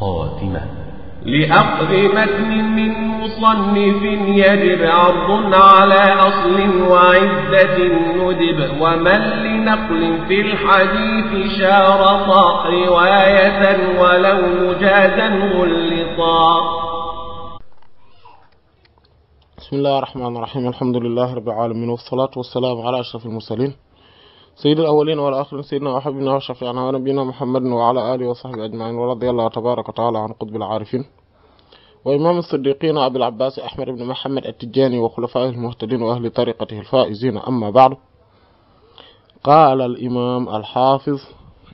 خاتمة لأخذ متن من مصنف يجب عرض على أصل وعزة ندب ومن لنقل في الحديث شارطا رواية ولو مجازا غلطا بسم الله الرحمن الرحيم الحمد لله رب العالمين والصلاة والسلام على أشرف المرسلين سيد الأولين والآخرين سيدنا وحبيبنا وشفيعنا ونبينا محمد وعلى آله وصحبه أجمعين ورضي الله تبارك وتعالى عن قطب العارفين وإمام الصديقين أبي العباس أحمد بن محمد التجاني وخلفائه المهتدين وأهل طريقته الفائزين أما بعد قال الإمام الحافظ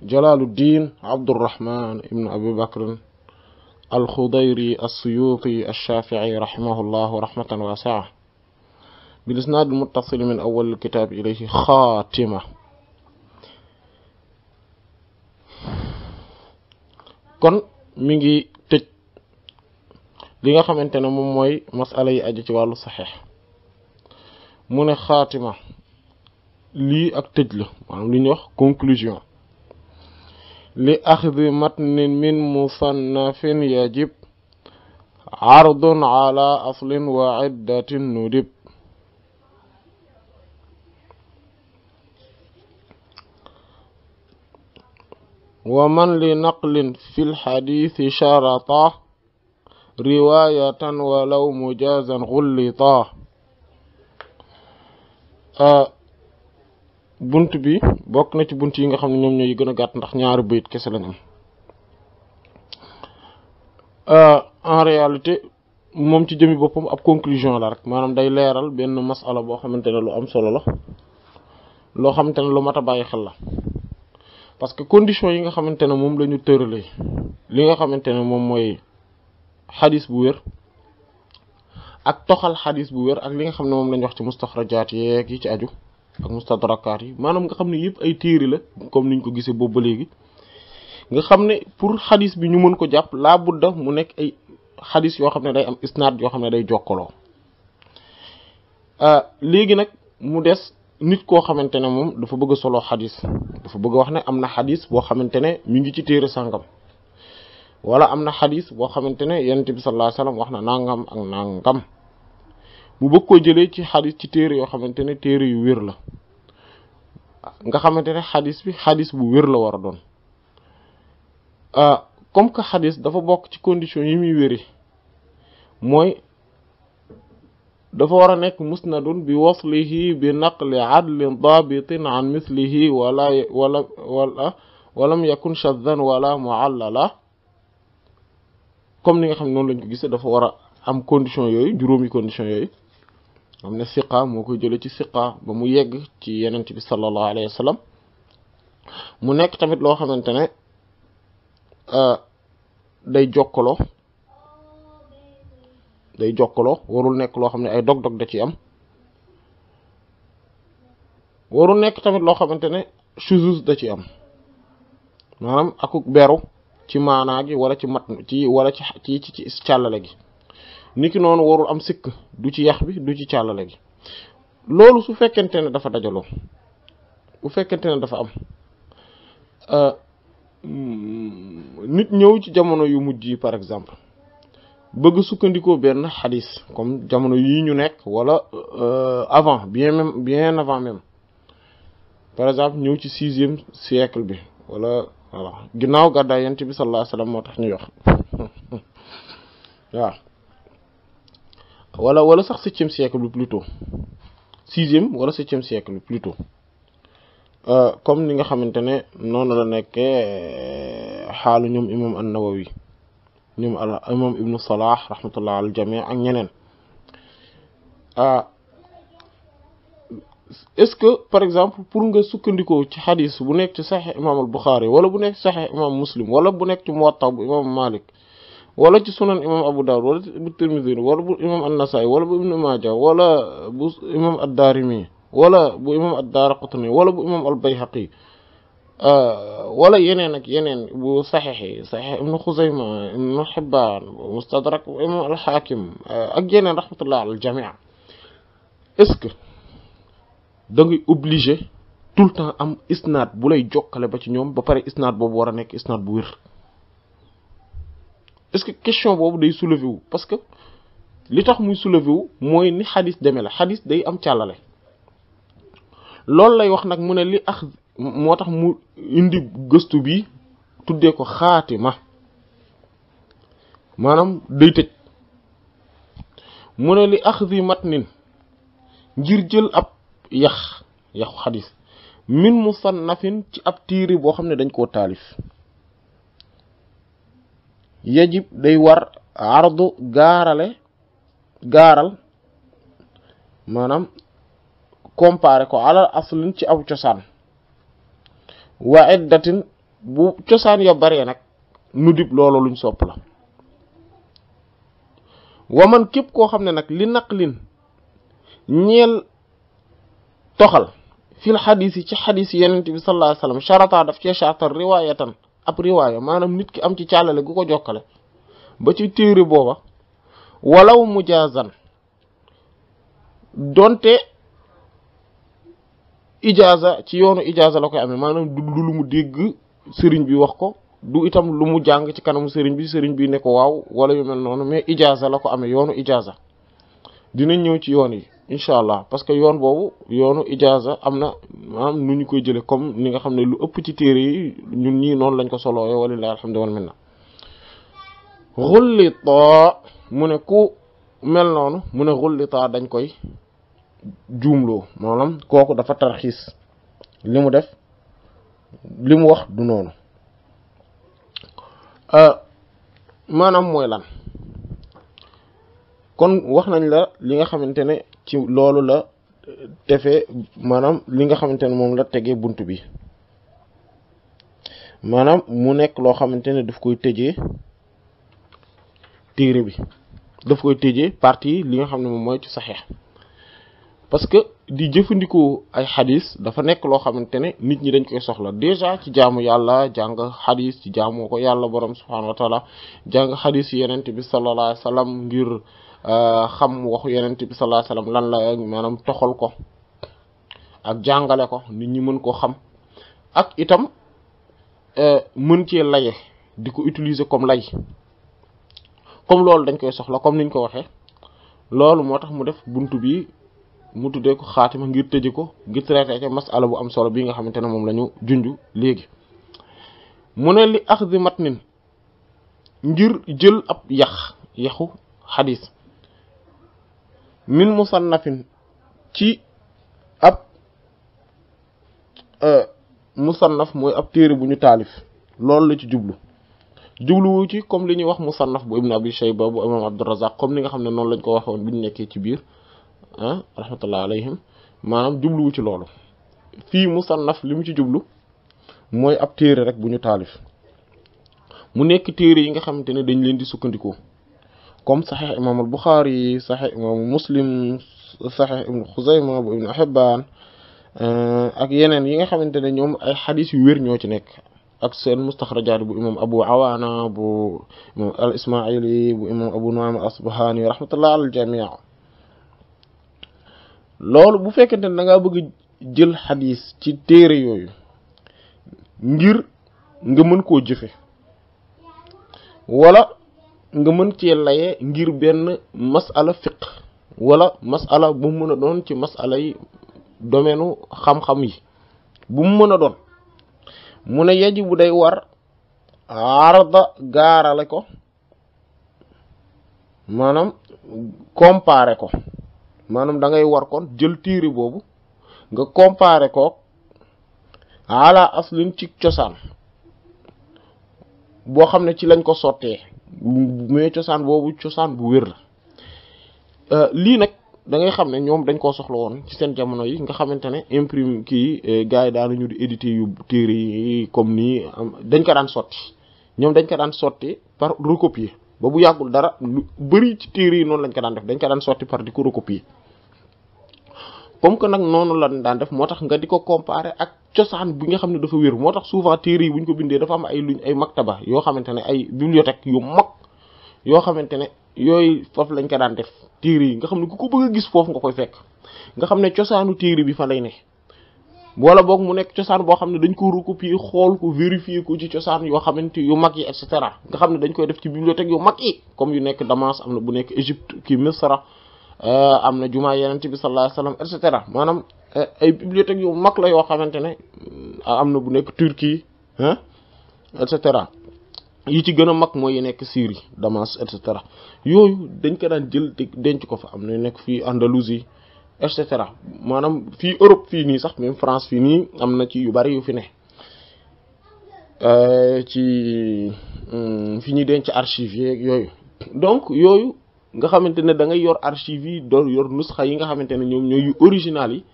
جلال الدين عبد الرحمن بن أبي بكر الخضيري السيوطي الشافعي رحمه الله رحمة واسعة بالإسناد المتصل من أول الكتاب إليه خاتمة kon mi ngi tëj li nga xamante ne moom mooy masala yi aju ci wàllu saxeex mu ne xaatima lii ak tëj la maanaam li ñuy wax conclusion li axdi matnin min musannafin yajib عرض على أصل وعدة ندب ومن لنقل في الحديث شرطه رواية ولو مجازا غلطاه bunt bi bokk na ci bunt yi nga xam ne ñoom ñooy gën a gàtt ndax ñaari bayit kese lañ am en réalité moom ci jëmi boppam ab conclusion la rek maanaam day leeral benn masala boo xamante ne lu am solo la loo xamante ne lu mat a bàyyi xel la parce que condition yi nga xamantene mom lañu la li nga xamantene mom moy hadith bu wér ak tokhal hadith bu wér ak li nga xamne mom lañ wax ci mustakhrajat yeeg yi ci aju ak mustadrakat yi manam nga xamne ne ay téré la comme niñ ko gisee bo ba léegi nga xamne pour hadith bi ñu mën ko japp la budda mu nek ay hadith yo xamne day am isnad yo xamne day jokkolo euh, nak mu dess nit koo xamante ne moom dafa bëgg solo xadis dafa bëgg wax ne am na xadis boo xamante ne mi ngi ci téere sàngam wala am na xadis boo xamante ne yonent bi sallallahu alayhi wax na nangam ak nangam mu bëgg koo jëlee ci xadis ci téere yoo xamante ne téere yu wér la nga xamante ne xadis bi xadis bu wér la war a doon euh, comme que xadis dafa bokk ci condition yi muy wéri mooy دفور نك مسند بوصله بنقل عدل ضابط عن مثله ولا ولا ولا ولم يكن شذا ولا معللا كم نيغا خامن نون لنجو غيسه دافا ورا ام كونديشن يوي جورومي كونديشن يوي امنا ثقه موكو جيلو سي ثقه با مو ييغ سي يننتي بي صلى الله عليه وسلم مو نيك تاميت لو خامن تاني ا داي جوكلو day jokkaloo warul nekk loo xam ne ay dog-dog da ci am warul nekk tamit loo xamante ne shuzuz da ci am maanaam akuk beru ci maanaa gi wala ci mat ci wala ci ci ci ci càllale gi niki noonu warul am sikk du ci yax bi du ci càllale gi loolu su fekkente ne dafa dajaloo bu fekkente ne dafa am euh, nit ñëw ci jamono yu mujj yi par exemple bëgg sukkandikoo benn xadis comme jamono yii ñu nekk wala euh, avant bien même bien avant même par exemple ñëw ci sixième siècle bi wala voilà ginnaaw gàddaay yent bi sallallahu alayhi moo tax ñuy wax waaw wala wala sax septième siècle bi plutôt sixième wala septième siècle bi plutôt euh, comme ni nga xamante ne noonu la nekkee euh, xaalu ñoom imam an-Nawawi نيم al ابن صلاح رحمه الله على الجميع ak ñeneen ah est-ce que par nga sukandiko ci hadith bu nek ci sahih imam al bukhari wala bu nek sahih imam muslim wala bu nek ci muwatta bu imam malik wala ci sunan imam abu dawud wala bu tirmidhi wala bu imam an nasai wala bu ibn majah wala bu imam ad darimi wala bu imam ad darqutni wala bu imam al bayhaqi آه، ولا ينينك ينين وصحيح صحيح ابن خزيمة ابن حبان مستدرك ابن الحاكم آه، أجينا رحمة الله على الجميع إسك دعي أبليجي طول تان أم إسناد بولاي جوك كله بتشي نيوم بفري إسناد بوارا إسناد بوير إسك كيشون بوب دي سولفيو بس ك لتخ مي سولفيو موي ني حديث دميلا حديث دي أم تعلله لولا لا يوخ من اللي أخذ moo tax mu indi gëstu bi tuddee ko xaatima maanaam day tëj mu ne li axdi matnin ngir jël ab yax yaxu xadis min musannafin ci ab tiiri boo xam ne dañ koo taalif yajib day war ardu gaarale gaaral maanaam comparé ko alal aslin ci aw cosaan wa iddatin bu cosaan ya bare nag nu dib loolu luñ sopp la wa man képp koo xam ne nag li naqlin ñeel toxal fil xadis ci xadis yi yenent bi sallallahu alayhi wasallam sharata daf cee shartal riwaayatan ab riwaaya maanaam nit ki am ci càllale gu ko jokkale ba ci téere booba walaw mujaazan donte ijaaza ci yoonu ijaaza la koy amee maanaam du lu mu dégg sëriñ bi wax ko du itam lu mu jàng ci kanamu sëriñ bi sëriñ bi ne ko waaw wala yu mel noonu mais ijaaza la ko amee yoonu ijaaza dinañ ñëw ci yoon yi incha allah parce que yoon boobu yoonu ijaaza am na maanaam nu ñu koy jëlee comme ni nga xam ne lu ëpp ci téere yi ñun ñii noonu lañ ko solo solooyee walillahi alhamdu wal minna xullita mu ne ku mel noonu mu ne xullita dañ koy jumloo maanaam kooku dafa tarxiis li mu def li mu wax du noonu euh, maanaam mooy lan kon wax nañ la li nga xamante ne ci loolu la defee euh, maanaam li nga xamante ne moom la tegee bunt bi maanaam mu nekk loo xamante ne daf koy tëjee téere bi daf koy tëjee partie li nga xam ne moom mooy ci saxeex parce que di jëfandikoo ay xadiis dafa nekk loo xamante ne nit ñi dañ koy soxla déjà ci jaamu yàlla jàng xadiis ci jaamu ko yàlla borom subhaanahu wa taala jàng xadis yenent bi sallallahu alayhi wa sallam ngir euh, xam waxu yenent bi sallallahu alayhi lan la maanaam toxal ko ak jàngale ko nit ñi mën koo xam ak itam euh, mën cee laye di ko utiliser comme lay comme loolu dañ koy soxla comme niñ ko waxee loolu moo tax mu def bunt bi mu tuddee ko xaatima ngir tëje ko ngir traité ca masala bu am solo bii nga xamante ne moom la ñu junj léegi mu ne li axdi matnin ngir jël ab yax yaxu xadis min musannafin ci ab euh, musannaf mooy ab téere bu ñu taalif loolu la ci jublu jubluwu ci comme li ñuy wax musannaf bu ibn abi shayba bu imam abdurazaq comme ni nga xam ne noonu lañ ko waxoon bi ñu nekkee ci biir ah rahmatullah alayhim maanaam jubluwu ci loolu fii musannaf li mu ci jublu mooy ab téere rek bu ñu taalif mu nekk téere yi nga xamante ne dañ leen di sukkandikoo comme saxix imaam al buxaari yi saxix imaamu muslim saxix ibnu xuzayma bu ibnu xibaan ak yeneen yi nga xamante ne ñoom ay xadis yu wér ñoo ci nekk ak seen mustaxrajaat bu imam abu awaana bu imam al ismaili bu imam abu nuaym asbahani rahmatullah al jamia loolu bu fekkente ne da bëgg jël xadis ci téere yooyu ngir nga mën koo jëfe wala nga mën cee laye ngir benn masala fiq wala masala bu mu mën a doon ci masala yi domaine xam-xam yi bu mu mën a doon mu ne yaji bu day war arda gaarale ko maanaam comparer ko maanaam da ngay war kon jël téere boobu nga comparer kook ala aslin ci cosaan boo xam ne ci lañ ko sottee mais cosaan boobu cosaan bu wér la euh, lii nag dangay xam ne ñoom dañ koo soxla woon ci seen jamono yi nga xamante ne imprime kii euh, gars yi daanañu di éditer yu téere yi comme nii dañ ko daan sotti ñoom dañ ko daan sotti par recopier ba bu yàggul dara lu bëri ci téere yi noonu lañ ko daan def dañ ko daan sotti par di ko recopier comme que nag noonu lan daan def moo tax nga di ko comparer ak cosaan bi nga xam ne dafa wér moo tax souvent téere yi bu ñu ko bindee dafa am ay luñ ay maktaba yoo xamante ne ay bibliothèque yu mag yoo xamante ne yooyu foofu lañ ko daan def téere yi nga xam ne ku ko bëgg a gis foofu nga koy fekk nga xam ne cosaanu téere bi fa lay ne wala boog mu nekk cosaan boo xam ne dañ ko recopier xool ko vérifier ko ci cosaan yoo xamante yu mag yi et cetera nga xam ne dañ koy def ci bibliothèque yu mag comme yu nekk Damas am na bu nekk Égypte kii Misra euh, am na jumaa yenent bi sallallahu alayhi wasallam et cetera maanaam euh, ay bibliothèque yu mag la yoo xamante ne euh, am na bu nekk Turquie hein et yi ci gën a mag mooy yi nekk Syrie Damas et yooyu dañ ko daan jël denc ko fa am na nekk fii Andalousie et cetera maanaam fii Europe fii nii sax même France fii nii am na ci yu bari yu fi ne euh, ci hmm, fi ñuy denc archives yeeg yooyu donc yooyu nga xamante ne da ngay yor archives yi doo yor nusxa yi nga xamante ne ñoom ñooy yu original yi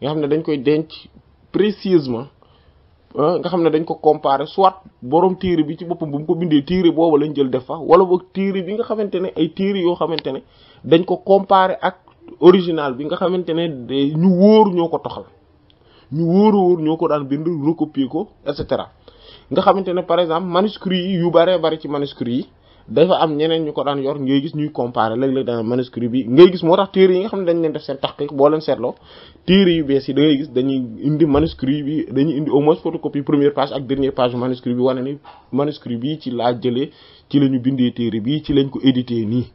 nga xam ne dañ koy denc précisément nga xam ne dañ ko comparer soit borom téere bi ci boppam bu mu ko bindee téere boobu lañ jël def fa wala boog téere bi nga xamante ne ay téere yoo xamante ne dañ ko comparer ak original bi nga xamante ne ñu wóor ñoo ko toxal ñu wóor wóor ñoo ko daan bind recopier ko et cetera nga xamante ne par exemple manuscrits yi yu bëree bëri ci manuscrits yi dafa am ñeneen ñu ko daan yor ngay gis ñuy comparer léeg-léeg dana manuscrit bi ngay gis moo tax téere yi nga xam ne dañ leen def seen taxqiq boo leen seetloo téere yu bees yi da gis dañuy indi manuscrit bi dañu indi au moins photocopie première page ak dernière page manuscrit bi wane ni manuscrit bi ci laa jëlee ci la ñu bindee téere bi ci lañ ko édité nii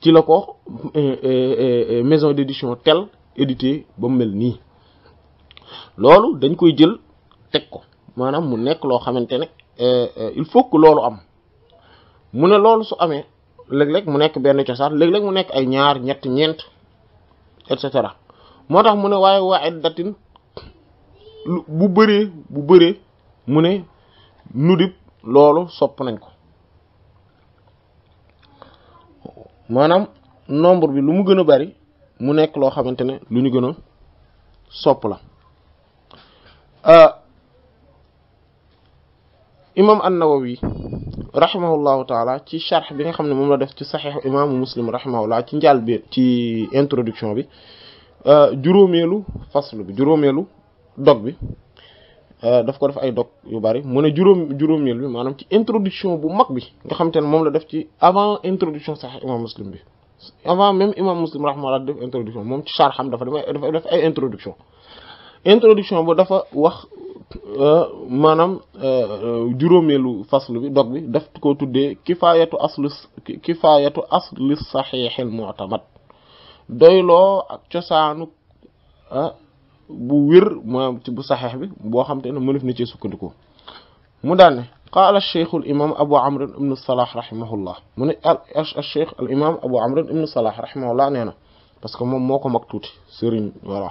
ci la ko eh, eh, eh, maison d'édition tel édité ba mu mel nii loolu dañ koy jël teg ko maanaam mu nekk loo xamante ne il faut que loolu am mu ne loolu su amee léeg-léeg mu nekk benn cosaan léeg-léeg mu nekk ay ñaar ñett ñeent et cetera moo tax mu ne waaye waa datin bu bëree bu bëree mu ne nudib loolu sopp nañ ko maanaam nombre bi lu mu gën a bari mu nekk loo xamante ne lu ñu gën a sopp la euh, imam an-Nawawi rahimahullahu taala ci charx bi nga xam ne moom la def ci saxiixu imaamu muslim rahimahullah ci njaal bi ci introduction bi euh, juróomeelu faslu bi juróomeelu dog bi daf ko def ay dog yu bari mu ne juróom juróomeel bi maanaam ci introduction bu mag bi nga xamante ne moom la def ci avant introduction sax imam muslim bi avant même imam muslim rahimahullah def introduction moom ci charxam dafa dafa def ay introduction introduction bu dafa wax maanaam juróomeelu faslu bi dog bi daf ko tuddee kifayatu aslu kifaayatu asli saxiixil mu'tamad doyloo ak cosaanu bu wér maanaam bu saxeex bi boo xam te ne mënef na cee sukkandiku mu daan ne qaala cheikhul imam abou amrin ibnu salah rahimahullah mu ne al cheikh al imam abou amrin ibnu salah rahimahullah nee na parce que moom moo ko mag tuuti sëriñ voilà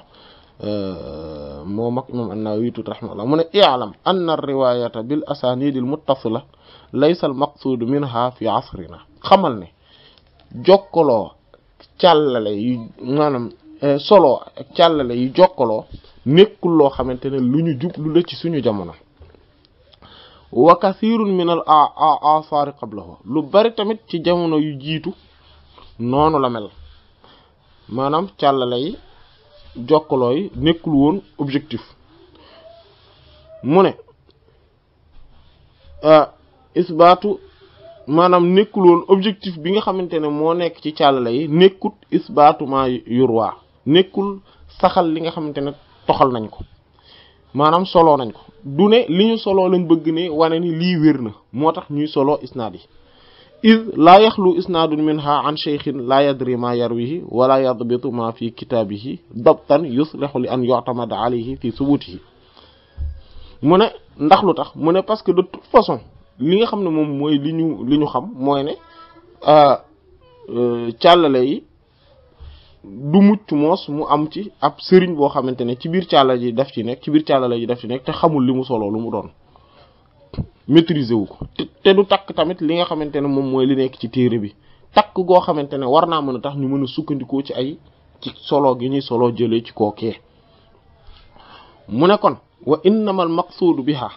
euh, moo mag imam an-Nawawi tuuti rahimahullah mu ne i'lam anna ar-riwayata bil asanid al muttasila laysa al maqsud minha fi asrina xamal ne jokkaloo càllale Euh, solo ak càllale yu jokkaloo nekkul loo xamante ne lu ñu jublu la ci suñu jamono wa kathirun min al asaari qablahu lu bari tamit ci jamono yu jiitu noonu la mel maanaam càllale yi jokkaloo yi nekkul woon objectif mu ne euh, isbaatu maanaam nekkul woon objectif bi nga xamante ne moo nekk ci càllale yi nekkut isbaatu ma yurwaa nekkul saxal li nga xamante ne toxal nañ ko maanaam solo nañ ko du ne li ñu solo lañ bëgg ne wane ni lii wér na moo tax ñuy solo isnaad yi iz laa yaxlu isnaadun minha an cheikhin laa yadri ma yarwihi wala yadbitu ma fi kitaabihi dabtan yuslihu li an yu'tamada alayhi fi subutihi mu ne ndax lu tax mu ne parce que de toute façon li nga xam ne moom mooy li ñu li ñu xam mooy ne euh, euh, càllale yi du mucc moos mu am ci ab sëriñ boo xamante ne ci biir càlla ji def ci nekk ci biir càlla la ji def ci nekk te xamul li mu solo lu mu doon maîtriser wu ko te du takk tamit li nga xamante ne moom mooy li nekk ci téere bi takk goo xamante ne war naa mën a tax ñu mën a sukkandikoo ci ay ci solo gi ñuy solo jëlee ci kookee mu nekkoon kon wa innama al maqsuudu biha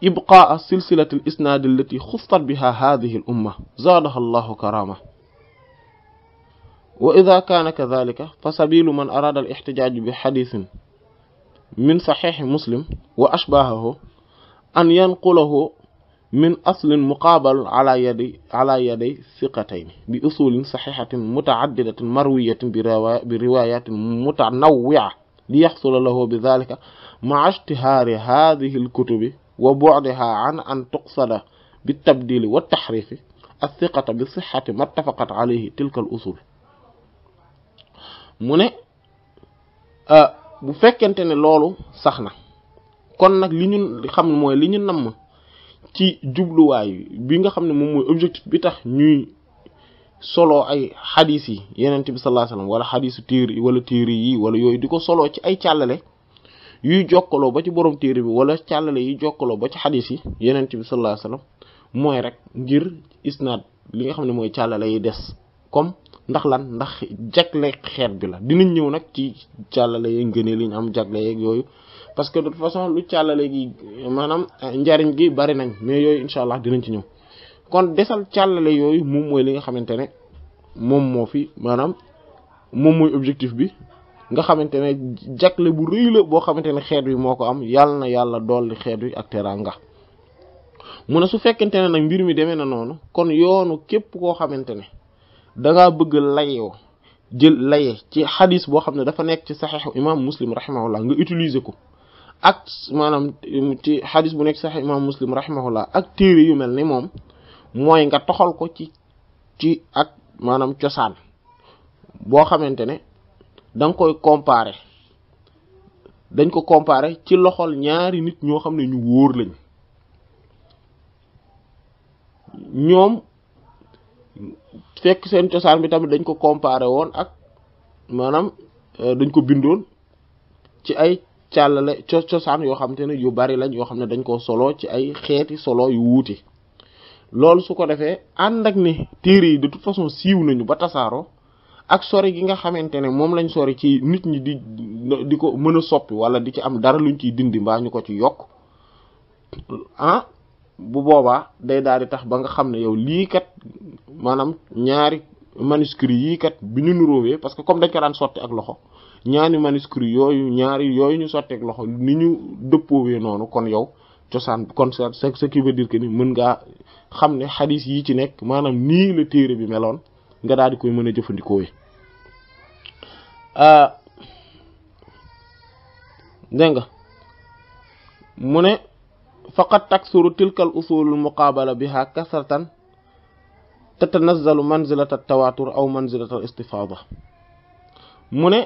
ibqaa silsilati al isnaad allati al umma zaadaha allahu karama وإذا كان كذلك فسبيل من أراد الاحتجاج بحديث من صحيح مسلم وأشباهه أن ينقله من أصل مقابل على يدي على يدي ثقتين بأصول صحيحة متعددة مروية بروايات متنوعة ليحصل له بذلك مع اشتهار هذه الكتب وبعدها عن أن تقصد بالتبديل والتحريف الثقة بصحة ما اتفقت عليه تلك الأصول mu ne ah, bu fekkente ne loolu sax na kon nag li ñu xam mooy li ñu namm ci jubluwaay bi nga xam ne moom mooy objectif bi tax ñuy solo ay xadis yi yenent bi sallallahu alayhi wasallam wala xadisu téere wala téere yi wala yooyu di ko soloo ci ay càllale yuy jokkaloo ba ci borom téere bi wala càllale yuy jokkaloo ba ci xadis yi yenent bi sallallahu alayhi mooy rek ngir isnaad li nga xam ne mooy càllale yi des comme ndax lan ndax jagle xeet bi la dinañ ñëw nag ci càllale yeeg ngëneel yi ñu am jagle yeeg yooyu parce que de toute façon lu càllale gi maanaam eh, njariñ gi bari nañ mais yooyu incha allah dinañ ci ñëw kon desal càllale yooyu moom mooy li nga xamante ne moom moo fi maanaam moom mooy objectif bi nga xamante ne jagle bu rëy la boo xamante ne xeet wi moo ko am yàlla na yàlla dolli xeet wi ak teraanga mu ne su fekkente ne nag mbir mi demee na noonu kon yoonu képp koo xamante ne da nga bëgg layo jël laye ci hadith bo xamne dafa nek ci sahih imam muslim rahimahullah nga utiliser ko ak manam um, ci hadith bu nek sahih imam muslim rahimahullah ak téré yu melni mom moy nga toxal ko ci ci ak manam ciosan bo xamantene dang koy comparer dañ ko comparer ci loxol ñaari nit ñoo xamne ñu woor lañ ñoom fekk seen cosaan bi tamit dañ ko comparé woon ak maanaam euh, dañ ko bindoon ci ay càllale co cosaan yoo xam te ne yu bari lañ yoo xam ne dañ ko solo ci ay xeeti solo yu wuute loolu su ko defee ànd ak ne téere yi de toute façon siiw nañu ba tasaaro ak sori gi nga xamante ne moom lañ sori ci nit ñi di di ko mën a soppi wala di ci am dara luñ ciy dindi mbaa ñu ko ci yokk ah bu boobaa day daal di tax ba nga xam ne yow lii kat maanaam ñaari manuscrits yii kat bi ñu nuroowee parce que comme dañ ko daan sotti ak loxo ñaari manuscrits yooyu ñaari yooyu ñu sotti ak loxo ni ñu dëppoowee noonu kon yow cosaan kon ça ce qui veut ni mën nga xam ne xadis yi ci nekk maanaam nii la téere bi meloon nga daal di koy mën a jëfandikoo ah, dégg nga mu ne faqat taksuru tilkal usulul muqaabala biha kasratan tatanazzalu manzilata tawatur aw manzilatal istifada mu ne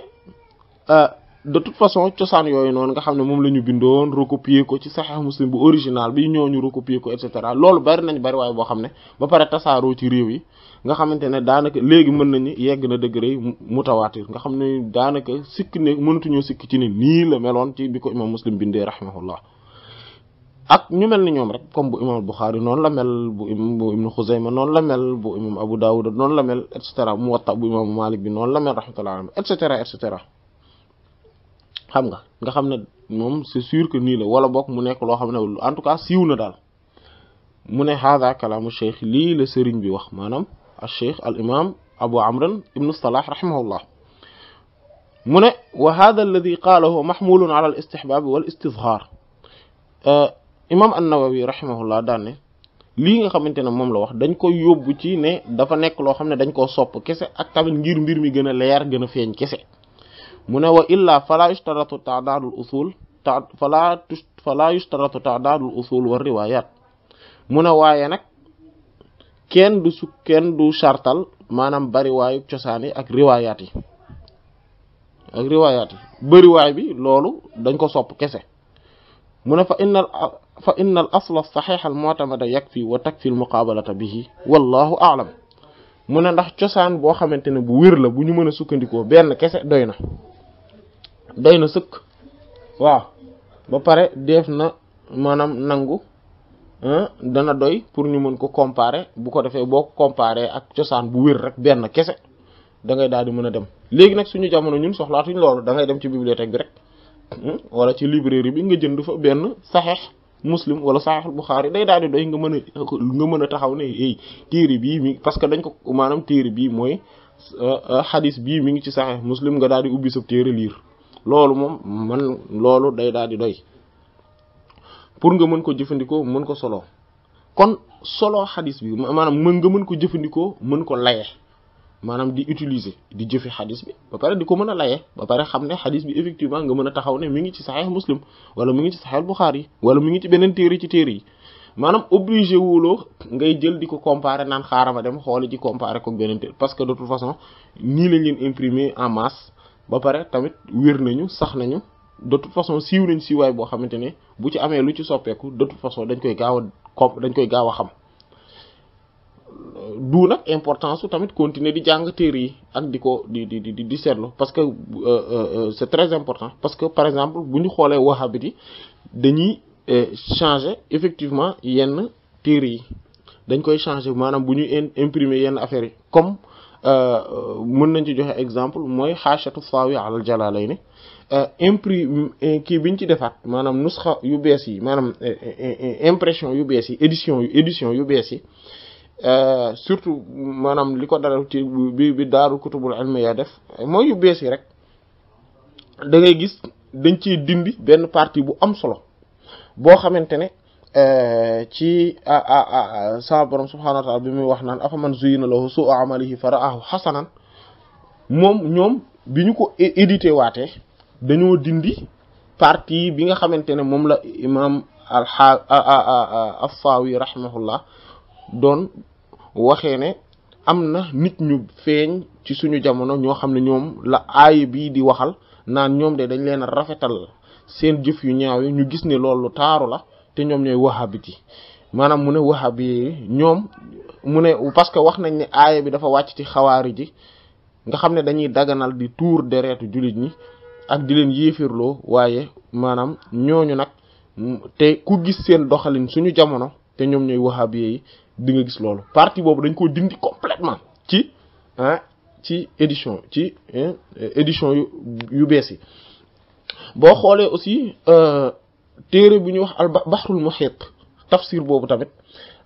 de toute façon cosaan yooyu noonu nga xam ne moom la ñu bindoon recopier ko ci Sahih Muslim bu original bi ñooñu recopier ko et cetera loolu bari nañ bari waaye boo xam ne ba pare tasaaroo ci réew yi nga xamante ne daanaka léegi mën nañu yegg na degré mutawaatir nga xam ne daanaka sikk ne mënatuñoo sikk ci ne nii la meloon ci bi ko imam Muslim bindee rahimahullah ak ñu melni ñom rek comme bu imam Bukhari non la mel bu ibn khuzaimah non la mel bu imam Abu daud non la mel et cetera mu wata bu imam Malik bi non la mel rahmatullah et cetera et cetera xam nga nga xamne mom c'est sûr que ni la wala bok mu nek lo xamne en tout cas siwna dal mu ne hadha kalaamu shaykh li le serigne bi wax manam al shaykh al imam abu amr ibn salah rahimahullah mu ne wa hadha alladhi qalahu mahmulun ala al istihbab wal istizhar imam an-Nawawi rahimahullah daan ne lii nga xamante ne moom la wax dañ koy yóbbu ci ne dafa nekk loo xam ne dañ koo sopp kese ak tamit ngir mbir mi gën a leer gën a feeñ kese mu ne wa illa fala yushtaratu ta'dadul usul ta fala fala yushtaratu ta'dadul usul wa riwayat mu ne waaye nag kenn du su kenn du chartal maanaam bariwaayu cosaan yi ak riwaayaat yi ak bariwaay bi loolu dañ ko sopp kese mu ne fa innal fa innal al asla sahih al mu'tamada yakfi wa takfi al muqaabalata bihi wallahu a'lam mu ne ndax cosaan boo xamante ne bu wér la bu ñu mën a sukkandikoo benn kese doy na doy ba pare def na nangu dana doy pour ñu mën ko comparer bu ko defee boo ko comparer ak cosaan bu wér rek benn kese da ngay daal di mën dem léegi nag suñu jamono ñun soxlaatuñ loolu da ngay dem ci bibliothèque bi rek wala ci librairie bi nga jënd fa benn muslim wala saxaxul buxaari day daal di doy nga mën a nga mën a taxaw ne téere bii mi parce que dañ ko maanaam téere bii mooy xadis euh, euh, bii mi ngi ci saxee muslim nga daal di ubbi sa téere liir loolu moom man loolu day daal di doy pour nga mën ko jëfandikoo mën ko solo kon solo xadis bi maanaam mën nga mën ko jëfandikoo mën ko laye manam di utiliser di jëfe hadith bi ba paré diko mëna layé ba paré xamné hadith bi effectivement nga mëna taxaw né mi ngi ci sahih muslim wala mi ngi ci sahih bukhari wala mi ngi ci benen téré ci téré yi maanaam obligé wuloo ngay jël diko comparer nan xaarama dem xooli ci comparer ko beneen téere parce que de toute façon ni lañ leen imprimer en masse ba paré tamit wér nañu sax nañu de toute façon siiw nañ siiwaay way bo xamanténé bu ci amé lu ci soppeku de toute façon dañ koy gaaw dañ koy gaaw xam du nak importance tamit continuer di jang téere yi ak di di di di di seetlu parce que euh, euh, euh, c'est très important parce que par exemple buñu xolé xoolee dañuy changer effectivement yenn téere yi dañ koy changer manam buñu imprimer yenn affaire yi comme mën nañ ci joxe exemple moy khashatu xaachatu ala jalalayn euh imprim kii biñ ci defat manam nuskha yu bees yi maanaam impression yu bees yi édition yu édition yu bees yi Euh, surtout maanaam li ko dara bi bi daaru kutubul ilmi yaa def mooy yu beesi rek dangay gis dañ ci dindi benn partie bu am solo boo xamante ne euh, ci sa borom subhaanahu wa taala bi muy wax naan afaman zuyina lahu suu amalihi fa raahu moom ñoom bi ñu ko édité waatee dañoo dindi partie bi nga xamante ne moom la imaam al Afaawi rahimahullah doon waxee ne am na nit ñu feeñ ci suñu jamono ñoo xam ne ñoom la aay bii di waxal naan ñoom de dañ leen a rafetal seen jëf yu ñaaw yi ñu gis ni loolu taaru la te ñoom ñooy wahabit yi maanaam mu ne wahabi yi ñoom mu ne parce que wax nañ ne aaya bi dafa wàcc ci xawaari ji nga xam ne dañuy daganal di tuur deretu jullit ñi ak di leen yéefirloo waaye maanaam ñooñu nag te ku gis seen doxalin suñu jamono te ñoom ñooy wahabi yi di nga gis loolu partie boobu dañ koo dindi complètement ci ah ci édition ci édition yu bees yi boo xoolee aussi euh, téere bu ñuy wax al bahrul muhit tafsir boobu tamit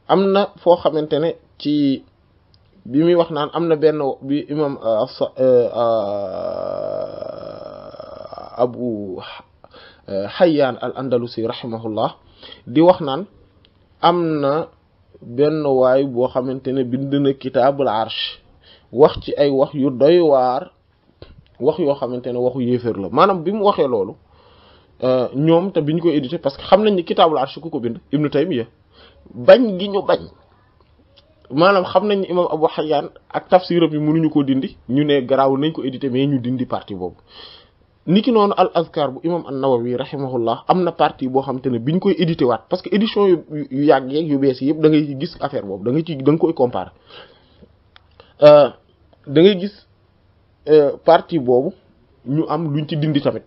am na foo xamante ne ci bi muy wax naan am na benn bi imam euh, euh, abu xayaan al andalusi rahimahullah di wax naan am na benn waay boo xamante ne bind na kitaabul arsh wax ci ay wax yu doy waar wax yoo xamante ne waxu yéeféer la maanaam bi mu waxee loolu euh, ñoom te bi ñu koy édité parce que xam nañ ni kitaabul arsh ku ko bind ibnu taymiya bañ gi ñu bañ maanaam xam nañ imam abu xayaan ak tafsiram yi mënuñu ko dindi ñu ne garaaw nañ ko édité mais ñu dindi partie boobu niki noonu al azkar bu imam an-Nawawi rahimahullah am na partie boo xam te ne ñu koy édité waat parce que édition yu yu yàgg yeeg yu bees yëpp da ngay gis affaire boobu da nga ci da nga euh, ngay gis euh, partie boobu ñu am luñ ci dindi tamit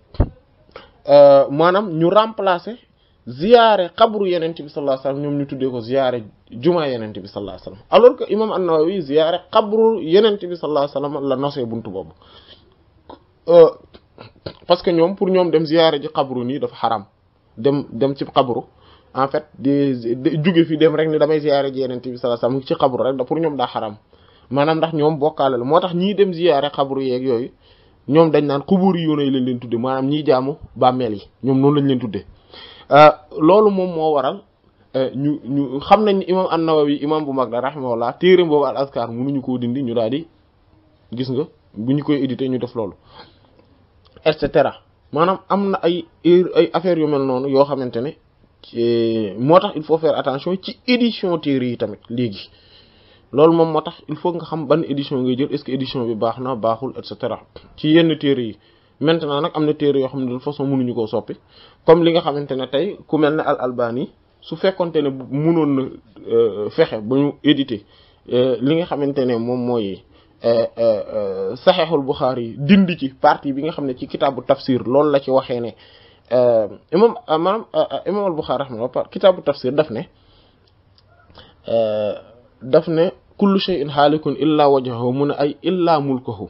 euh, maanaam ñu remplacer ziyaare xabru yenent bi sallallahu alayhi wasallam ñoom ñu tuddee ko ziyaare jumaa yenent bi sallallahu alayhi wasallam alors que imam an-Nawawi ziyaare xabru yenent bi sallallahu alayhi wasallam la nosee bunt boobu parce que ñoom pour ñoom dem ziyaare ji xabru nii dafa xaram dem dem ci xabru en fait di juge fi dem rek ni damay ziyaare ji yeneen bi sallallahu alayhi ci xabru rek da pour ñoom daa xaram maanaam ndax ñoom bokkaale la moo tax ñii dem ziyaare xabru yeeg yooyu ñoom dañ naan xubur yi yónnee leen leen tudde maanaam ñiy jaamu bàmmeel yi ñoom noonu lañ leen tudde euh, loolu moom moo waral euh, ñu ñu xam nañ imam an-Nawawi imam bu mag la rahimahullah téere boobu al askar mënuñu koo dindi ñu daal di gis nga bu koy édité ñu def loolu et cetera maanaam am na ay ay affaires yu mel noonu yoo xamante ne moo tax il faut faire attention ci édition téere yi tamit léegi loolu moom moo tax il faut nga xam ban édition ngay jël est-ce que bi baax na baaxul et cetera ci yenn téere yi maintenant nag am na téere yoo xam ne de façon mënuñu koo soppi comme li nga xamante ne tey ku mel ne al albani su fekkonte ne mënoon na euh, fexe ba ñu éditer euh, li nga xamante ne moom mooy Euh, euh, euh, saxeexul Buxaari dind ci partie bi nga xam ne ci kitaabu tafsir loolu la ci waxee ne imam maanaam imam al Buxaari raxma par kitaabu tafsir daf ne daf ne kullu shay'in haalikun illaa wajhahu mu ne ay illaa mulkahu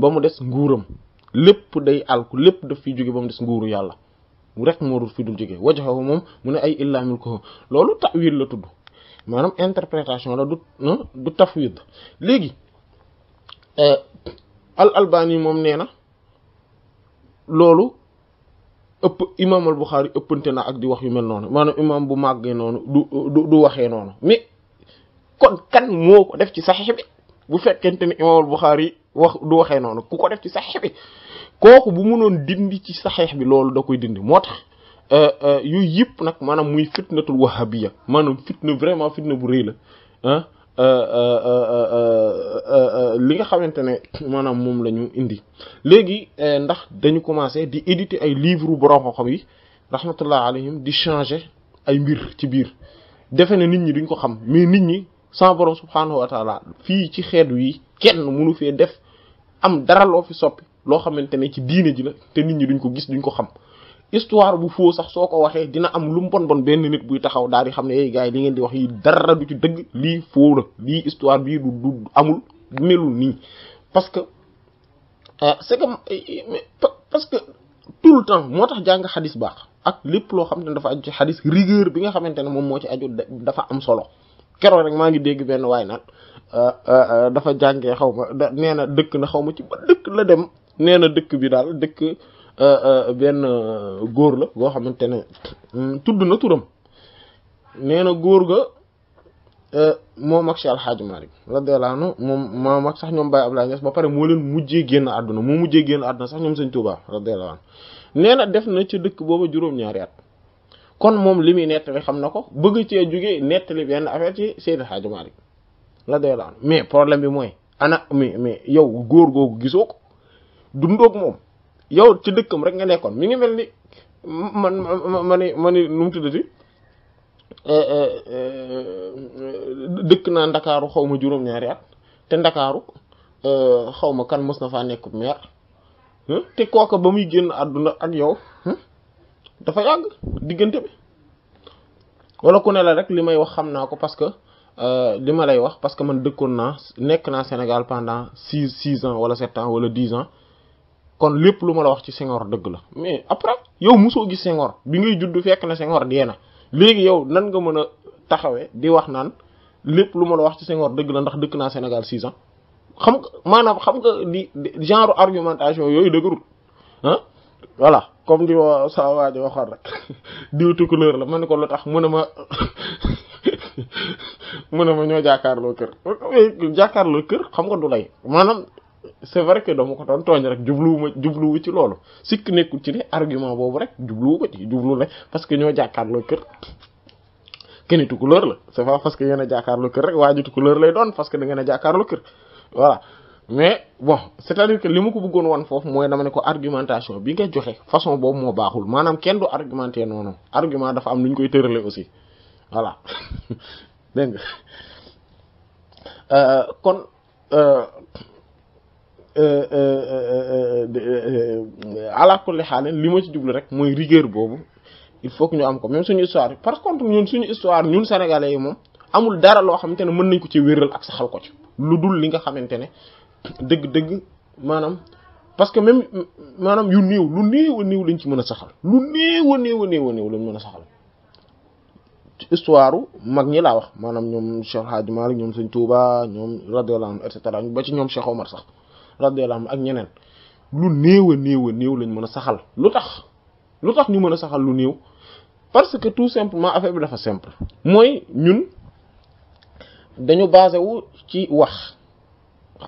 ba mu des nguuram lépp day alku lépp daf fiy jóge ba mu des nguuru yàlla rek moo dul fi dul jóge wajhahu moom mu ne ay illaa mulkahu loolu ta'wil la tudd maanaam interprétation la du du tafwid léegi euh, al albani moom nee na loolu ëpp imaam al buxaari ëppante na ak di wax yu mel noonu maanaam imaam bu màggee noonu du du waxee noonu mais kon kan moo ko def ci saxiix bi bu fekkente ni imaam al buxaari wax du waxee noonu ku ko def ci saxiix bi kooku bu mënoon dindi ci saxiix bi loolu da koy dindi moo tax Euh, euh, yu yep nak manam muy fitnatul wahabiya manam fitna vraiment fitna bu rëy la ah, euh, li nga xamante ne mom lañu indi legui ndax dañu commencé di éditer ay livres borom xam-xam yi rahmatullah alayhim di changer ay mbir ci bir defena nit ñi duñ ko xam mais nit ñi sans borom subhanahu wa taala fi ci yi kenn mënu def am dara fi soppi lo xamante ci diine ji la te nit ñi duñ ko gis duñ ko histoire bu foo sax soko waxe dina am lu mu bon bon benn nit buy taxaw daal di xam ne eh, gars yi li ngeen di wax yi dara du ci deug li foo la li histoire bi du du amul melul ni parce que euh, c'est comme euh, parce que tout le temps motax jang hadith bax ak lepp lo xamne dafa aju hadith rigueur bi nga xamantene mom mo ci aju dafa am solo kéro rek ma ngi dégg ben way naan euh euh, euh dafa jangé nee na dëkk na xawma ma ci ba dëkk la dem nee na dëkk bi daal dëkk Euh, euh, benn euh, góor la goo xamante ne mm, tudd na turam nee na góor ga moom ak Cheikh Al Hadj Malick radiyallahu anhu moom moom ak sax ñoom Baye laa Niass ba pare moo leen mujjee génn àdduna moo mujjee génn àdduna sax ñoom Sëñ Tuubaa radiyallahu anhu nee def na ci dëkk boobu juróom-ñaari at kon moom li muy nettali xam na ko bëgg cee jugee nettali benn affaire ci Seydi El Hadj Malick radiyallahu mais problème bi mooy ana mais mais yow góor googu gisoo ko dundoo ak moom. yow ci dëkkam rek nga nekkoon mi ngi mel ni man man ni ma ni nu mu tuddati eh, eh, eh, dëkk naa ndakaaru xaw ma juróom-ñaari at te ndakaaru xaw ma kan mos na faa nekk maire te kooka ba muy génn àdduna ak yow dafa yàgg diggante bi wala ku ne la rek li may wax xam naa ko parce que li ma lay wax parce que man dëkkoon naa nekk naa Sénégal pendant 6 6 ans wala 7 ans wala 10 ans kon lépp lu ma la wax ci Senghor dëgg la mais après yow mosoo gis Senghor bi ngay juddu fekk na Senghor dee na léegi yow nan nga mën a taxawee di wax naan lépp lu ma la wax ci Senghor dëgg la ndax dëkk naa Sénégal six ans xam nga maanaam xam nga di genre argumentation yooyu dëgërul ah voilà comme di ma saa waajo waxoon rek diw Tukulóor la ma ne ko lu tax mu na ma mu na ma ñoo jàkkaarloo kër eh, jàkkaarloo kër xam nga du lay maanaam c'est vrai que dama ko don togn rek djublu jubluwuma jubluwu ci lolu sik nekul ci ni argument bobu rek djublu ko ci djublu la parce que ño jakar lo keur kene tu couleur la c'est pas parce que yena jakar lo keur rek waa tu couleur lay don parce que da nga na jakar lo keur voilà mais bon c'est à dire que limu ko bëggone won fofu moy dama ne ko argumentation bi nga joxe façon bobu mo baxul manam kenn du argumenter nono argument dafa am luñ koy tërale aussi voilà deng euh kon euh, Euh, euh, euh, ala kulli xaalin li ma ci jublu rek mooy rigueur boobu il faut que ñu am ko même suñu histoire par contre ñun suñu histoire ñun sénégalais yi moom amul dara loo xamante ne mën nañ ko ci wéral ak saxal ko ci lu dul li nga xamante ne dëgg-dëgg maanaam parce que même maanaam yu néew lu néew a lañ ci mën a saxal lu néew a néew a néew a lañ mën a saxal ci histoire mag ñi laa wax maanaam ñoom Cheikh Hadji Malick ñoom Sëñ Touba ñoom radiyallahu anhu et cetera ba ci ñoom Cheikh Omar sax radiyallahu anhu ak ñeneen lu néew a néew a néew lañ mën a saxal lu tax lu tax ñu mën a saxal lu néew parce que tout simplement affaire bi dafa simple mooy ñun dañu basé wu ci wax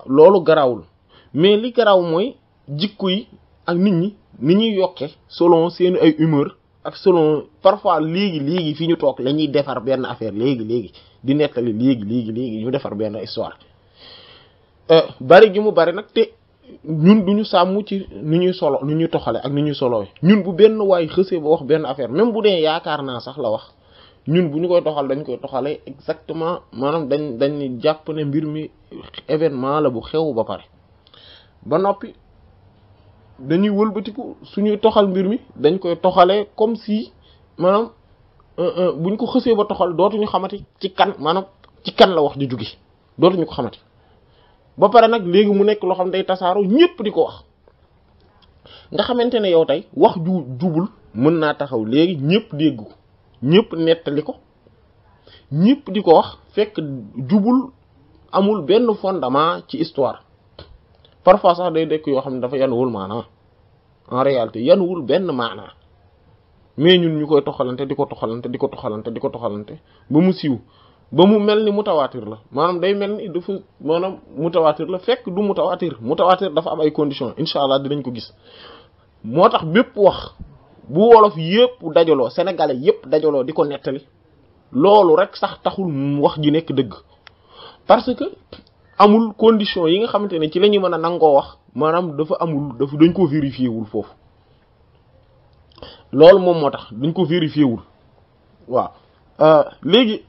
loolu garawul mais li garaw mooy jikko yi ak nit ñi ni ñuy yokke solon seen ay humeur ak solon parfois léegi léegi fi ñu toog la ñuy defar benn affaire léegi léegi di nettali léegi léegi léegi ñu defar benn histoire Euh, bari gi mu bari nag te ñun ñu sàmm ci ni ñuy solo nu ñuy toxale ak nu ñuy solowee ñun bu benn waay xësee ba wax benn affaire même bu dee yaakaar naa sax la wax ñun bu ñu koy toxal dañ koy toxale exactement maanaam dañ dañ jàpp mbir mi événement la bu xew ba pare ba noppi dañuy wëlbatiku suñuy toxal mbir mi dañ koy toxale comme si maanaam euh, euh, buñ ko xësee ba toxal ñu xamati ci kan maanaam ci kan la wax di jóge dootuñu ko xamati ba pare nag léegi mu nekk loo xam day tasaaroo ñépp di ko wax nga xamante ne yow tey wax ju jubul mën naa taxaw léegi ñépp dégg ko ñépp nettali ko ñépp di ko wax fekk jubul amul benn fondement ci histoire parfois sax day dekk yoo xam ne dafa yanuwul maanaa en réalité yanuwul benn maanaa mais ñun ñu koy toxalante di ko toxalante di ko toxalante di ko toxalante ba mu siiw ba mu mel ni mutawaatir la maanaam day mel ni dafa maanaam mutawaatir la fekk du mutawaatir mutawaatir dafa am ay condition incha allah dinañ ko gis moo tax bépp wax bu wolof yépp dajaloo sénégalais yépp dajaloo di ko nettali loolu rek sax taxul mu wax ji nekk dëgg parce que amul condition yi nga xamante ne ci lañuy ñu mën a nangoo wax maanaam dafa amul dafa dañ ko vérifié wul foofu loolu moom moo tax dañ ko vérifié wul waaw euh, léegi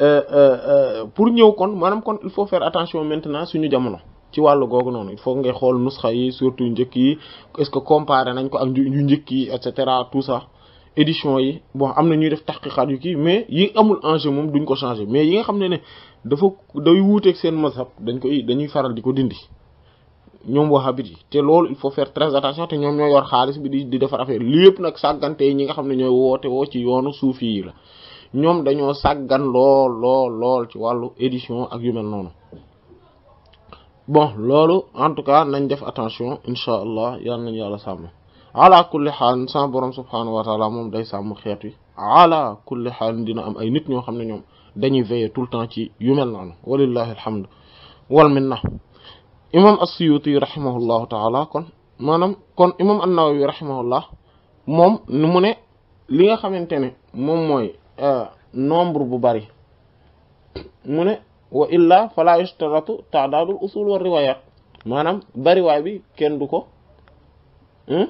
Euh, euh, euh, pour ñëw kon manam kon il faut faire attention maintenant suñu jamono ci walu googu noonu il faut ngay xol nusxa yi surtout njëkk yi est-ce que comparer nañ ko ak ñu njëkk yi et cetera tout ça édition yi bon amna ñuy def taxqiqaat yu ki mais yi amul enjeu mom duñ ko changer mais yi nga xamné né ne dafa day ak seen mazhab dañ koy dañuy faral diko ko dindi ñoom wahhabite yi té lool il faut faire très attention té ñom ñoy yor xaaliss bi di di defar affaire lépp nak saganté yi nga xamné ñoy woté wo ci yoonu suufi yi la ñom dañoo sàggan lool lool lool ci walu édition ak yu mel non bon loolu en tout cas nañ def attention incha allah yal nañu yàlla sam ala kulli hal sa borom subhanahu wa taala mom day sam xet wi ala kulli hal dina am ay nit ñoo xamne ñom dañuy veiller tout temps ci yu mel non walillahi alhamd wal minna imam as-Suyuti rahimahullahu taala kon manam kon imam an-Nawawi rahimahullahu mom nu mu ne li nga xamantene mom moy mooy nombre bu bari mune wa illa fala yushtaratu ta'dadul usul wa riwayat bari way bi ken duko ko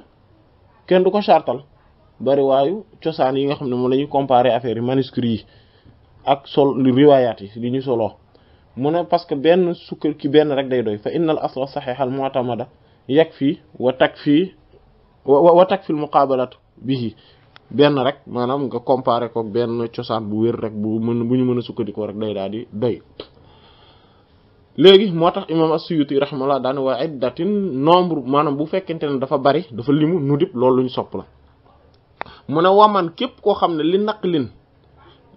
ken duko chartal bari wayu ciosan yi nga xamne mo lañu comparer affaire manuscrit ak sol riwayat yi li ñu soloo mu parce que ben sukkar ki ben rek day doy fa innal asla sahih al mu'tamada yakfi wa takfi wa takfi al muqabalat bihi ben rek manam nga comparé ko ben cosaan bu wir rek bu mën bu ñu mën a rek day daal day léegi motax imam as-Suyuti rahmalahu dan wa iddatin nombre manam bu fekkente ne dafa bari dafa limu nudip lolou luñu sopp la muna waman kep ko xamne li naqlin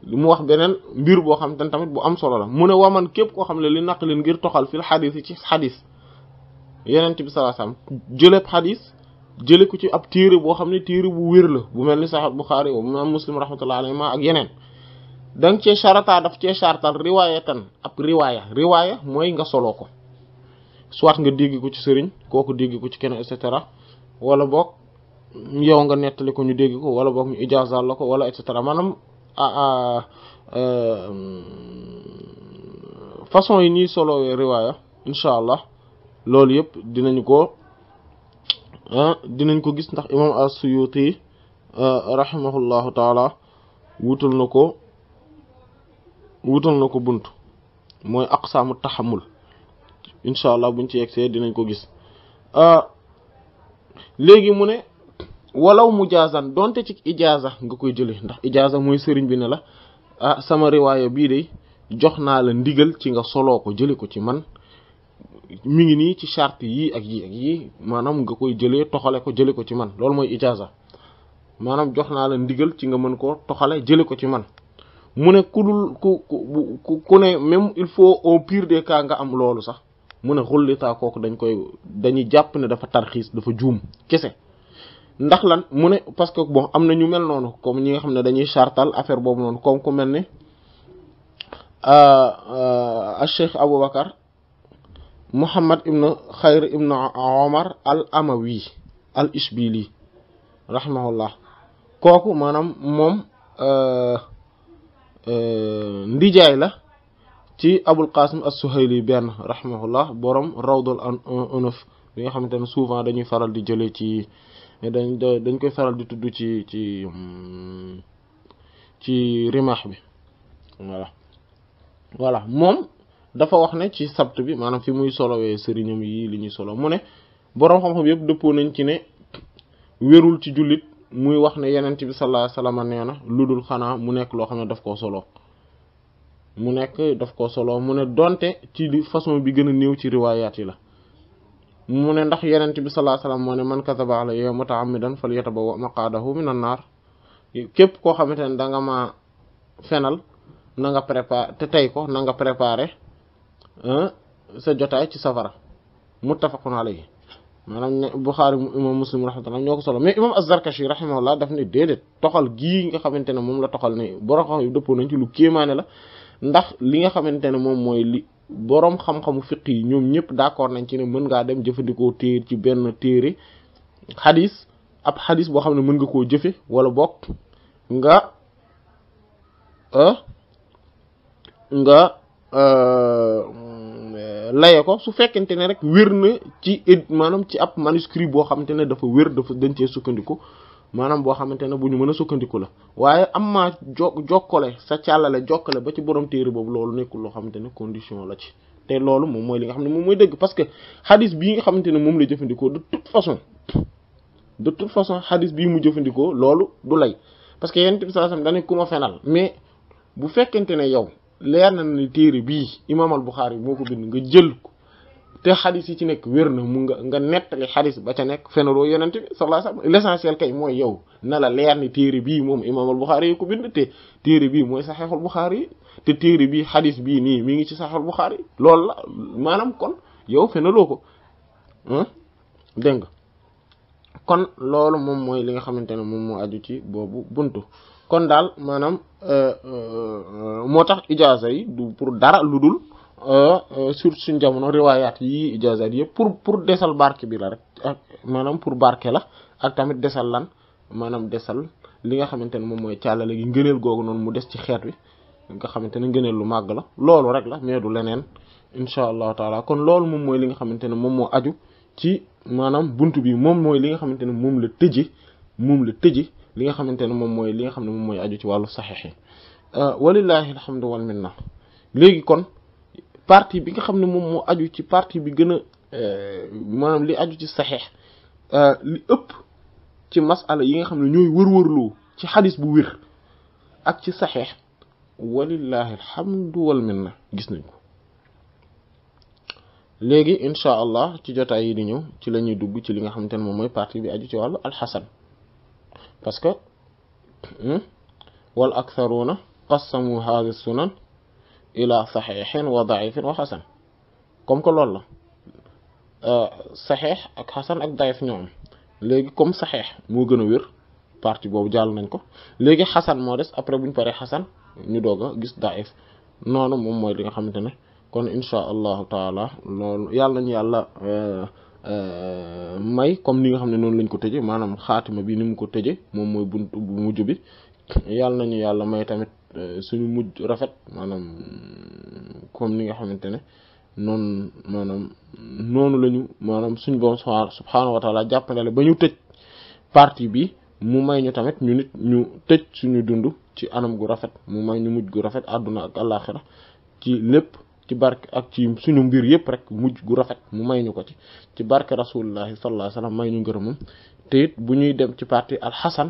limu wax benen mbir bo xam tan tamit bu am solo la muna waman kep ko xamne li naqlin ngir toxal fil hadith ci hadith yeneen sallallahu alayhi wasallam jeulep hadith jële ko ci ab téere boo xam ne téere bu wér la bu mel ni Sahih Bukhari wa imam Muslim rahmatullahi alayhi ma ak yeneen danga cee charata daf cee chartal riwaaya tan ab riwaaya riwaaya mooy nga soloo ko soit nga dégg ko ci sëriñ kooku dégg ko ci keneen et cetera wala boog yow nga nettali ko ñu dégg ko wala boog ñu ijaazal la ko wala et cetera maanaam ah, ah, euh, façon yi ñuy solo riwaaya incha allah loolu yëpp dinañu ko Ah, dinañ ko gis ndax imam asuyuti ah, rahimahullahu taala wutal na ko wutal na ko buntu mooy aqsaamu taxamul insha allah buñ ci yegsee dinañ ko gis ah, léegi mu ne walaw mu jaasan donte ci ijaasa nga koy jëlee ndax ijaasa mooy sëriñ bi ne la ah sama riwaayo bii day jox naa la ndigal ci nga soloo ko jëli ko ci man mi ngi nii ci charte yii ak yii ak yii maanaam nga koy jëlee toxale ko jële ko ci man loolu mooy ijaaza maanaam jox naa la ndigal ci nga mën koo toxale jële ko ci man mu ne ku dul ku ku ku ne même il faut au pire des cas nga am loolu sax mu ne xullitaa kooku dañ koy dañuy jàpp ne dafa tarxiis dafa juum kese ndax lan mu ne parce que bon am na ñu mel noonu comme ñi nga xam ne dañuy chartal affaire boobu noonu comme ku mel ne euh, euh, Cheikh Aboubacar muhammad ibn xayr ibn omar al amawi al ishbili rahimahullah kooku maanaam moom ndijaay la ci abul qasim as-suhayli benn rahimahullah borom rawdul unuf bi nga xamante ne souvent dañuy faral di jëlee ci dañ dañ koy faral di tudd ci ci ci rimaax bi voilà voilà moom dafa wax ne ci sabt bi maanaam fi muy solowee sëriñam yi li ñuy solo mu ne borom xam-xam yëpp dëppoo nañ ci ne wérul ci jullit muy wax ne yenent bi sallallahu alayhi wasallam nee na lu dul xanaa mu nekk loo xam ne daf koo solo mu nekk daf koo solo mu ne donte ci li façon bi gën a néew ci riwaayaat yi la mu ne ndax yenent bi sallallahu alayhi wasallam moo ne man kadaba alayya muta'ammidan falyatabawwa maq'adahu minan nar képp koo xamante ne da nga ma fenal na nga préparé te tey ko na nga préparé sa jotaay ci safara muttafaqun alayhi maanaam ne Buxaari imam muslim rahmatullah ñoo ko solo mais imam az-Zarkashi rahimahullah daf ne déedéet toxal gii nga xamante ne moom la toxal ne borom yu dëppoo nañ ci lu kéemaane la ndax li nga xamante ne moom mooy li boroom xam-xamu fiq yi ñoom ñëpp d'accord nañ ci ne mën ngaa dem jëfandikoo téer ci benn téere xadis ab xadis boo xam ne mën nga koo jëfe wala bokk nga euh, euh, laye ko su fekkente ne rek wér na ci maanaam ci ab manuscrit boo xamante ne dafa wér dafa dañ sukkandiku maanaam boo xamante ne bu ñu mën a sukkandiku la waaye am maa jo jokkale sa càllale jokkale ba ci borom téere boobu loolu nekkul loo xamante ne condition la ci te loolu moom mooy li nga xam ne moom mooy dëgg parce que xadis bii nga xamante ne moom la jëfandikoo de toute façon de toute façon xadis bii mu jëfandikoo loolu du lay parce que yent bi sallallahu alayhi wasallam dañ fenal mais bu fekkente ne yow leer na ne téere bii imaamal Buxaari moo ko bind nga jël ko te xadis yi ci nekk wér na mu nga nga nettali xadis ba ca nekk fenaloo yonent bi sallallahu alayhi wasallam mooy yow na la leer téere bii moom imaamal Buxaari yi ko bind téere bii mooy saxeexul Buxaari yi te téere bii xadis bii nii mi ngi ci saxeexul Buxaari yi loolu la maanaam kon yow fenaloo ko dégg nga kon loolu moom mooy li nga xamante ne moom moo aju ci boobu buntu kon daal maanaam euh, euh, moo tax ijaaza yi du pour dara lu dul euh, surtout suñ jamono riwaayaat yi ijaaza yi yëpp pour pour desal barke bi la rek ak maanaam pour barke la ak tamit desal lan maanaam desal li nga xamante ne moom mooy càllale gi ngëneel googu noonu mu des ci xeet wi nga xamante ne ngëneel lu màgg la loolu rek la mais du leneen incha allahu taala kon loolu moom mooy li nga xamante ne moom moo aju ci maanaam bunt bi moom mooy li nga xamante ne moom la tëje moom la tëje li nga xamante ne moom mooy li nga xam ne moom mooy aju ci wàllu saxiix yi euh, walillahi alhamdu wal minna léegi kon partie bi nga xam ne moom moo aju ci partie bi gën a euh, maanaam li aju ci saxiix euh, li ci masala yi nga xam ne ñooy wër-wërloo ci xadis bu wér ak ci saxiix walillahi alhamdu wal minna gis nañ ko léegi incha allah ci jotaay yi di ñëw ci la ñuy dugg ci li nga xamante ne moom mooy partie bi aju ci wàllu alxasan parce que hmm, wal aktharuuna qassamu haadhi sunan ila saxiixin wa daifin wa xasan comme que loolu la euh, saxiix ak xasan ak daif ñoom léegi comme saxiix moo gën a wér partie boobu jàll nañ ko léegi xasan moo des après bu ñu paree xasan ñu doog gis daif noonu moom mooy li nga xamante ne kon incha allahu taala loolu yàlla nañu yàlla euh, Euh, may comme ni nga xam ne noonu lañ ko tëje maanaam xaatima bi ni mu ko tëje moom mooy buntu bu mujj bi yàlla nañu yàlla may tamit euh, suñu mujj rafet maanaam comme ni nga xamante ne noonu maanaam noonu lañu maanaam suñu borom subhaanahu wa taala ba ñu tëj partie bi mu may ñu tamit ñu nit ñu tëj suñu dund ci anam gu rafet mu may ñu mujj gu rafet àdduna ak àllaaxira ci lépp ci barke ak ci suñu mbir yëpp rek mujj gu rafet mu may ñu ko ci ci barke rasulullah sallallahu alayhi wasallam may ñu ngërëmam te it bu ñuy dem ci parti al hasan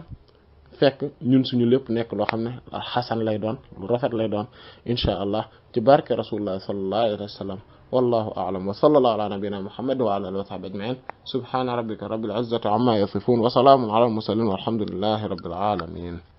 fekk ñun suñu lépp nekk lo xamne al hasan lay doon lu rafet lay doon insha allah ci barke rasulullah sallallahu alayhi wasallam wallahu a'lam wa sallallahu ala nabina muhammad wa ala alihi wa sahbihi ajma'in subhana rabbika rabbil izzati amma yasifun wa salamun ala al mursalin walhamdulillahi rabbil alamin